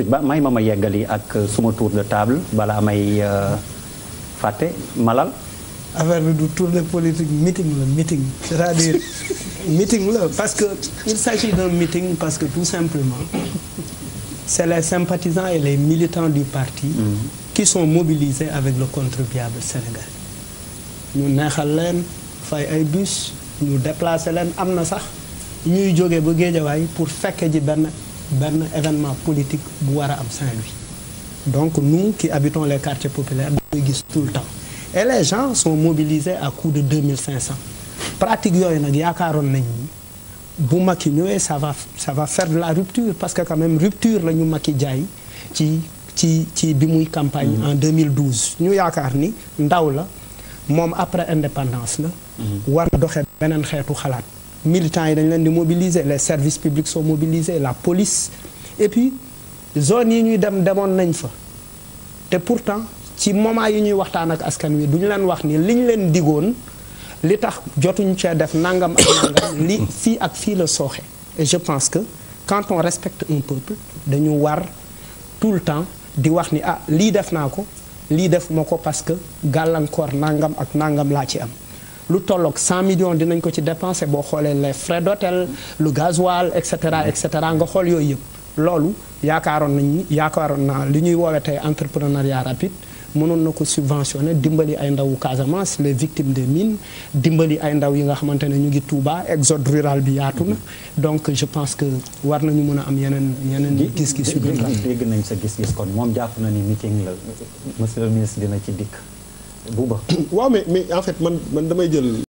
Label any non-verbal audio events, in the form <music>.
sëñ Ba may ma ma ak euh, suma tour de table bala may euh, fàtte malal. affaire bi du de politique meeting la meeting c'est-à-dire <laughs> meeting parce que il s'agit d'un meeting parce que tout simplement c'est les sympathisants et les militants du parti mm-hmm. qui sont mobilisés avec le contribuable sénégalais Nous neexal leen fay ay bus nous déplacer leen am na sax ñuy jóge ba pour faire des benn un événement politique bu à donc nous qui habitons les quartiers populaires nous tout le temps et les gens sont mobilisés à coup de 2500 pratique ça va ça va faire de la rupture parce que quand même rupture nous ñu Macky jaay ci ci campagne mm-hmm. en 2012 ñu york ni ndaw la après indépendance la mm-hmm militants yi dañ leen di mobiliser les services publics sont mobilisés la police et puis zone yi ñuy dem demoon nañ fa te pourtant ci moment yi ñuy waxtaan ak askan wi du ñu leen wax ni liñ leen digoon li tax jotuñ cee def nangam ak <coughs> nangam li fii ak fii la sooxe et je pense que quand on respecte un peuple dañu war tout le temps di wax ni ah lii def naa ko def ma parce que gàllankoor nangam ak nangam laa ci am lu tolok 100 millions dinañ ko ci dépenser bo xolé les frais d'hôtel le gasoil etc etc nga xol yooyu yëpp loolu yaakaaroon nañ yaakaaroon na li ñuy woowee tey entrepreneuriat rapide mënon nako ko dimbali ay ndaw Casamance les victimes des mines dimbali ay ndaw yi nga xamante ne ñu ngi Touba exode rural bi yatuna donc je pense que war nañu mën a am yenen yenen gis-gis yu gën dégg nañ sa gis-gis kon moom jàpp na ni meeting la monsieur le ministre dina ci dik Bouba <coughs> waaw mais mais en man man damay jël.